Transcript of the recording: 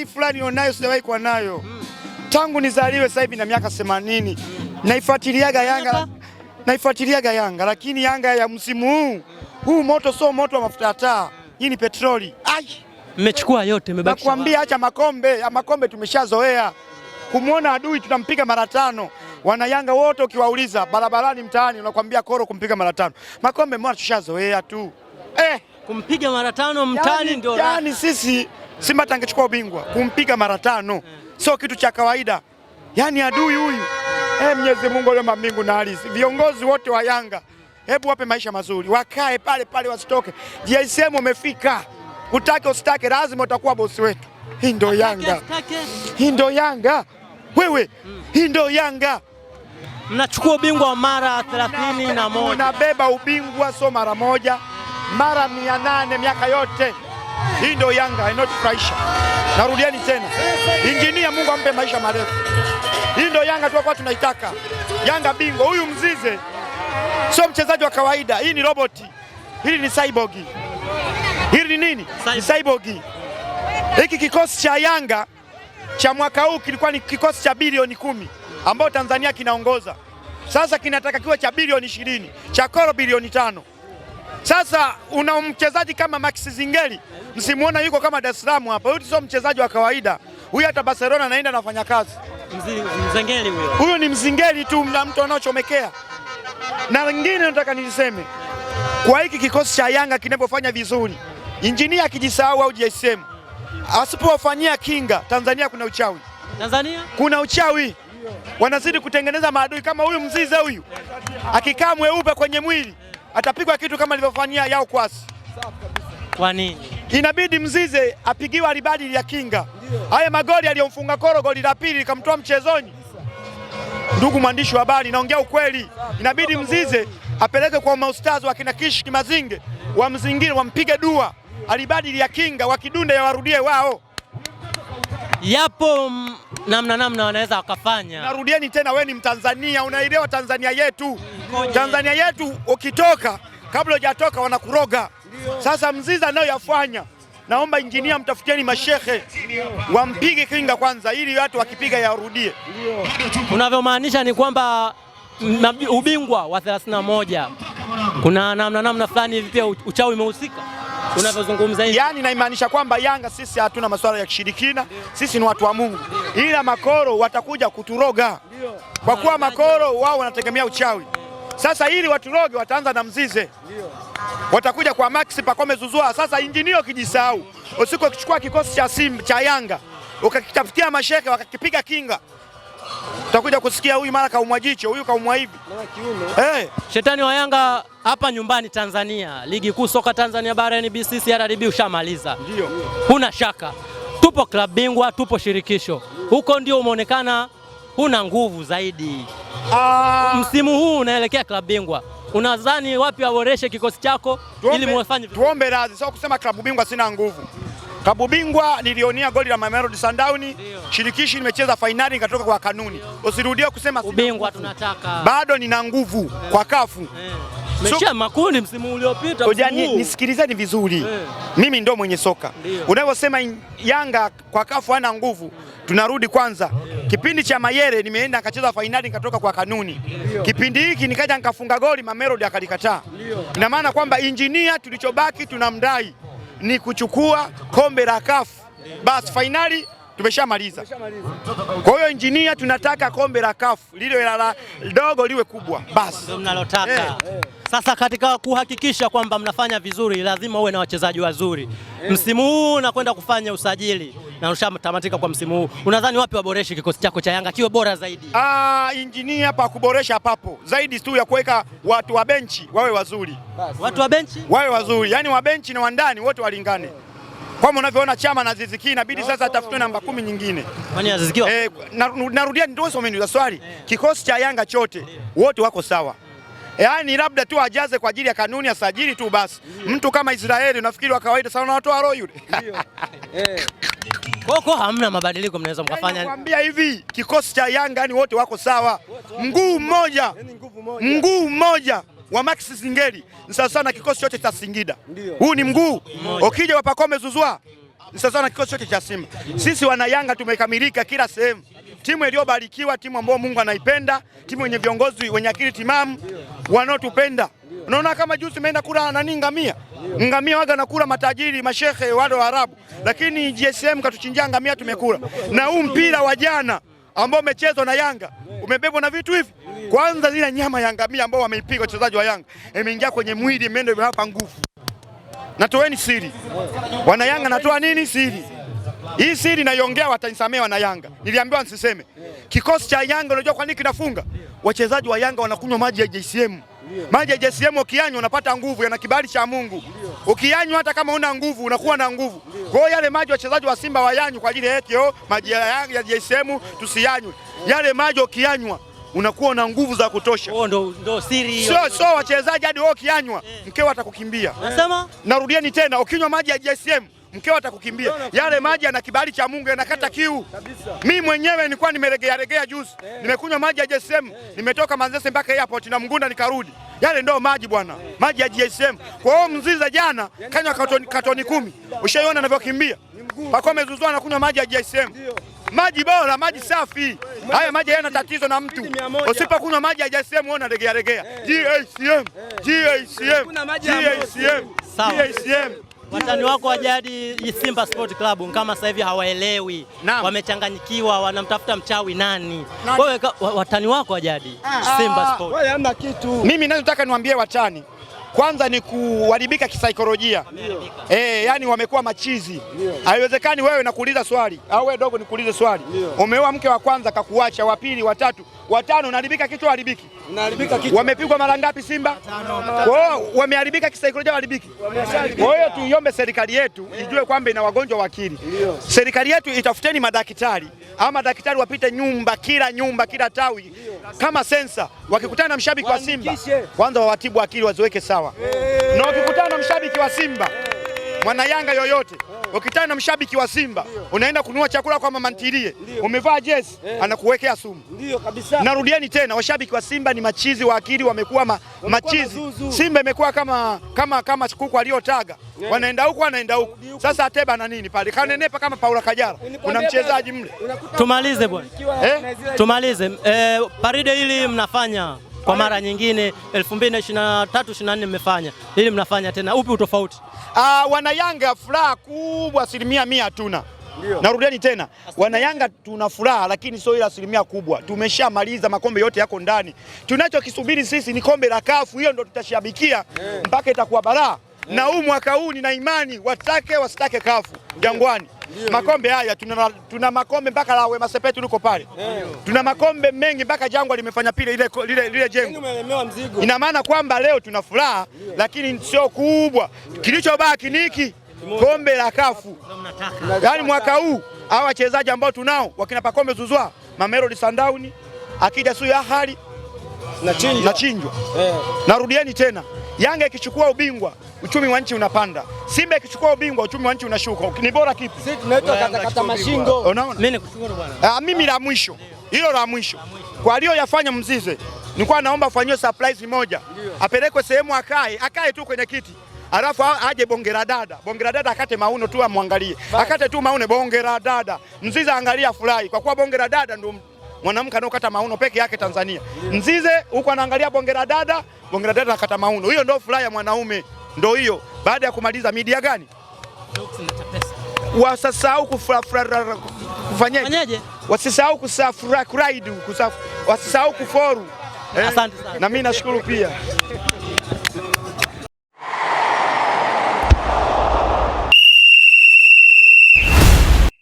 hii fulani nionayo sijawahi kuwa nayo mm. tangu nizaliwe, sasa hivi na miaka 80. mm. Naifuatiliaga Yanga, naifuatiliaga Yanga, lakini Yanga ya msimu huu huu moto sio moto wa mafuta ya taa, hii ni petroli. Ai, mmechukua yote, mmebaki. Nakwambia acha makombe, ya makombe tumeshazoea kumwona adui tunampiga mara tano. Wana Yanga wote ukiwauliza barabarani, mtaani, unakwambia koro kumpiga mara tano. Makombe mwana tushazoea tu eh, kumpiga mara tano mtaani yaani, ndio yani sisi Simba hata angechukua ubingwa kumpiga mara tano sio kitu cha kawaida. yani adui huyu e, Mwenyezi Mungu aliye mbingu na ardhi, viongozi wote wa Yanga hebu wape maisha mazuri, wakae pale pale, wasitoke. JSM wamefika, utake usitake, lazima utakuwa bosi wetu. Hii ndo Yanga, hii ndo Yanga wewe, hii ndo Yanga. Mnachukua ubingwa mara 31, unabeba ubingwa sio mara moja, mara mia nane miaka yote. Hii ndio Yanga inayotufurahisha. Narudieni tena, injinia, Mungu ampe maisha marefu. Hii ndio Yanga tuakuwa tunaitaka, Yanga bingwa. Huyu Mzize sio mchezaji wa kawaida, hii ni roboti, hili ni saibogi, hili ni nini? Ni saibogi. Hiki kikosi cha Yanga cha mwaka huu kilikuwa ni kikosi cha bilioni kumi ambao Tanzania kinaongoza sasa, kinataka kiwe cha bilioni ishirini cha koro bilioni tano. Sasa una mchezaji kama Max Zingeli, msimuona yuko kama Dar es Salaam hapa. Huyu sio mchezaji wa kawaida, huyu hata Barcelona anaenda anafanya kazi. Mzingeli huyo, huyo ni mzingeli tu, na mtu anaochomekea. Na lingine nataka niliseme kwa hiki kikosi cha Yanga kinapofanya vizuri, injinia akijisahau au JSM asipowafanyia kinga, Tanzania kuna uchawi, Tanzania kuna uchawi, wanazidi kutengeneza maadui kama huyu mzize. Huyu akikaa mweupe kwenye mwili atapigwa kitu kama alivyofanyia Yao Kwasi. Kwa nini? Inabidi Mzize apigiwe alibadi ya kinga. Haya magoli aliyomfunga Koro, goli la pili likamtoa mchezoni. Ndugu mwandishi wa habari, naongea ukweli. Inabidi Mzize apeleke kwa maustazi wa kina Kishi Kimazinge, wamzingire, wampige dua alibadi ya kinga, wakidunda yawarudie wao. Yapo namna namna wanaweza wakafanya. Narudieni tena, we ni Mtanzania, unaelewa Tanzania yetu Tanzania yetu ukitoka, kabla hujatoka wanakuroga. Sasa Mzizi anayoyafanya naomba injinia, mtafutieni mashehe wampige kinga kwanza, ili watu wakipiga yarudie. Unavyomaanisha ni kwamba ubingwa wa 31 kuna namna namna fulani hivi pia uchawi umehusika unavyozungumza hivi, yani naimaanisha kwamba Yanga sisi hatuna masuala ya kishirikina Sisi ni watu wa Mungu Ila makoro watakuja kuturoga Kwa kuwa makoro wao wanategemea uchawi Sasa ili waturoge wataanza na mzize Watakuja kwa Maxi Pakome zuzua. Sasa injinio kijisahau, usiko kichukua kikosi cha Simba cha Yanga ukakitafutia mashehe wakakipiga kinga utakuja kusikia huyu mara kaumwa jicho, huyu kaumwa hivi hey. Eh. Shetani wa Yanga hapa nyumbani Tanzania, ligi kuu soka Tanzania bara NBC CRDB ushamaliza, ndio huna shaka, tupo klabu bingwa, tupo shirikisho, huko ndio umeonekana huna nguvu zaidi. Ah. msimu huu unaelekea klabu bingwa unadhani wapi waboreshe kikosi chako ili muwafanye? Tuombe radhi, sio kusema klabu bingwa sina nguvu Klabu bingwa nilionia goli la Mamelodi Sundowns. Shirikishi nimecheza fainali nikatoka kwa kanuni. Usirudie kusema ubingwa tunataka. Bado nina nguvu yeah. kwa kafu yeah. Mecha makundi msimu uliopita. Nisikilizeni vizuri yeah. Mimi ndo mwenye soka unavyosema Yanga kwa kafu hana nguvu, tunarudi kwanza yeah. Kipindi cha Mayere nimeenda nikacheza fainali nikatoka kwa kanuni yeah. Kipindi hiki nikaja nikafunga goli Mamelodi akalikataa yeah. Ina maana kwamba injinia tulichobaki tunamdai ni kuchukua kombe la kafu basi, fainali tumeshamaliza. Kwa hiyo injinia, tunataka kombe la kafu lile la dogo liwe kubwa basi, mnalotaka hey. Eh. Sasa katika kuhakikisha kwamba mnafanya vizuri, lazima uwe na wachezaji wazuri hey. Eh. Msimu huu nakwenda kufanya usajili na ushatamatika kwa msimu huu, unadhani wapi waboreshe kikosi chako cha Yanga kiwe bora zaidi? Ah, injinia, pa kuboresha papo zaidi tu ya kuweka watu wa benchi wawe wazuri, watu wa benchi wawe wazuri, yaani wa benchi na wa ndani wote walingane kama unavyoona Chama na Ziziki inabidi sasa atafutwe namba kumi nyingine. Kwani Zizikiwa? Eh, narudia ndio mimi swali. Eh. Kikosi cha Yanga chote wote wako sawa. Yaani labda tu ajaze kwa ajili ya kanuni ya sajili tu basi. Mtu kama Israeli unafikiri wa kawaida sana unawatoa roho yule? Ndio. Eh. Kwa kwa hamna mabadiliko mnaweza yaani mkafanya. Nakwambia hivi kikosi cha Yanga ni wote wako sawa, mguu mmoja, yaani mguu mmoja wa Max Zingeli ni sawa na kikosi chote cha Singida. Huu ni mguu ukija wa Pakome Zuzwa ni sawa kikosi chote cha Simba. Sisi wana Yanga tumekamilika kila sehemu, timu iliyobarikiwa, timu ambayo Mungu anaipenda, timu yenye viongozi wenye akili timamu wanaotupenda Unaona kama juzi meenda kula nani, ngamia ngamia, waga nakula matajiri mashehe wale wa Arabu, lakini GSM katuchinjia ngamia, tumekula na huu mpira wa jana ambao umechezwa na Yanga umebebwa na vitu hivi. Kwanza zile nyama ya ngamia ambao wameipiga wachezaji wa Yanga imeingia kwenye mwili, mendo hapa nguvu. Natoeni siri wana Yanga, natoa nini siri hii? Siri naiongea, watanisamea wana Yanga. Niliambiwa nisiseme kikosi cha Yanga. Unajua kwa nini kinafunga? Wachezaji wa Yanga wanakunywa maji ya JCM maji ya JCM ukianywa unapata nguvu, yana kibali cha Mungu. ukianywa hata kama una nguvu unakuwa na nguvu. Kwa hiyo yale maji wachezaji wa Simba wayanywe kwa ajili ya ekeo, oh, maji ya JCM tusiyanywe. Yale maji ukianywa unakuwa na nguvu za kutosha. Oh, ndo, ndo siri hiyo. Sio, sio wachezaji hadi wao kianywa, Mkeo atakukimbia. Nasema, narudieni tena, ukinywa maji ya JCM mkeo atakukimbia. Yale maji yana kibali cha Mungu, yanakata kiu. Mi mwenyewe nilikuwa nimelegea regea juzi, eh. nimekunywa maji ya JSM, eh. nimetoka Manzese mpaka airport na Mgunda nikarudi. Yale ndo maji bwana, maji ya JSM. Kwa hiyo Mziza jana kanywa katoni, katoni kumi. Ushaiona anavyokimbia Pakome Zuzua anakunywa maji ya JSM maji bora, maji eh. safi. Haya maji yana tatizo na mtu. Usipokunywa maji ya JSM uona regea regea. JSM, JSM, JSM, JSM. Watani wako wa jadi Simba Sport Club kama sasa hivi hawaelewi, wamechanganyikiwa, wanamtafuta mchawi nani? Wewe watani wako wa jadi ah. Simba Sport. Wewe hamna kitu. Mimi ninachotaka niwaambie watani kwanza ni kuharibika kisaikolojia e, yani wamekuwa machizi. Haiwezekani wewe nakuuliza swali au wewe dogo nikuulize swali, umeoa mke wa kwanza kakuacha, wa pili, wa tatu, wa tano, unaharibika kichwa, haribiki Wamepigwa mara ngapi Simba? hiyo wameharibika kisaikolojia, haribiki. Kwa hiyo tuiombe serikali yetu ijue kwamba ina wagonjwa wa akili. Serikali yetu itafuteni madaktari ama daktari wapite nyumba, kila nyumba, kila tawi, kama sensa, wakikutana na mshabiki wa Simba kwanza wawatibu akili waziweke sawa, na wakikutana na mshabiki wa Simba mwana Yanga yoyote ukitana na mshabiki wa Simba unaenda kununua chakula kwa mama ntilie, umevaa jezi eh. anakuwekea sumu. Ndio kabisa. Narudieni tena, washabiki wa Simba ni machizi wa akili, wamekuwa ma, machizi. Simba imekuwa kama, kama, kama kuku aliyotaga, eh. wanaenda huku wanaenda huku. Sasa ateba na nini pale, kanenepa kama Paula Kajara, kuna mchezaji mle. Tumalize bwana eh? Tumalize eh, paride hili mnafanya kwa mara nyingine 2023 2024 mmefanya ili mnafanya tena, upi utofauti? Uh, wana Yanga furaha kubwa asilimia mia hatuna Narudieni tena, wanayanga tuna furaha, lakini sio ile asilimia kubwa. Tumeshamaliza, makombe yote yako ndani. Tunachokisubiri sisi ni kombe la kafu, hiyo ndo tutashabikia mpaka itakuwa baraa. Na huu mwaka huu nina imani watake wasitake kafu Jangwani makombe haya tuna, tuna makombe mpaka la Wema Sepetu liko pale, tuna makombe mengi mpaka jangwa limefanya pile lile, lile, lile jengo. Ina maana kwamba leo tuna furaha, lakini sio kubwa. Kilichobaki niki kombe la kafu, yaani mwaka huu hawa wachezaji ambao tunao wakina pakombe Zuzwa, Mamelodi Sundowns, Akida Suyu hali na Chinjwa, eh. narudieni tena Yanga ikichukua ubingwa uchumi wa nchi unapanda, Simba ikichukua ubingwa uchumi wa nchi unashuka. Ni bora kipi? Sisi tunaitwa kata kata mashingo. Unaona, mimi nikushukuru bwana. Ah, mimi la mwisho hilo la mwisho kwa aliyoyafanya Mzize, nilikuwa naomba afanyiwe surprise moja, apelekwe sehemu akae akae tu kwenye kiti alafu aje bonge la dada, bonge la dada akate mauno tu, amwangalie akate tu maune, bonge la dada. Mzize angalia furahi, kwa kuwa bonge la dada ndio mwanamke anaokata mauno peke yake Tanzania. Mzize huko anaangalia bonge la dada, bonge la dada anakata mauno. Hiyo ndio furaha ya mwanaume, ndio hiyo. Baada ya kumaliza media gani wasasahau kufanyaje, wasisahau kusafura, wasisahau kuforu. Eh? Asante sana. Na mimi nashukuru pia.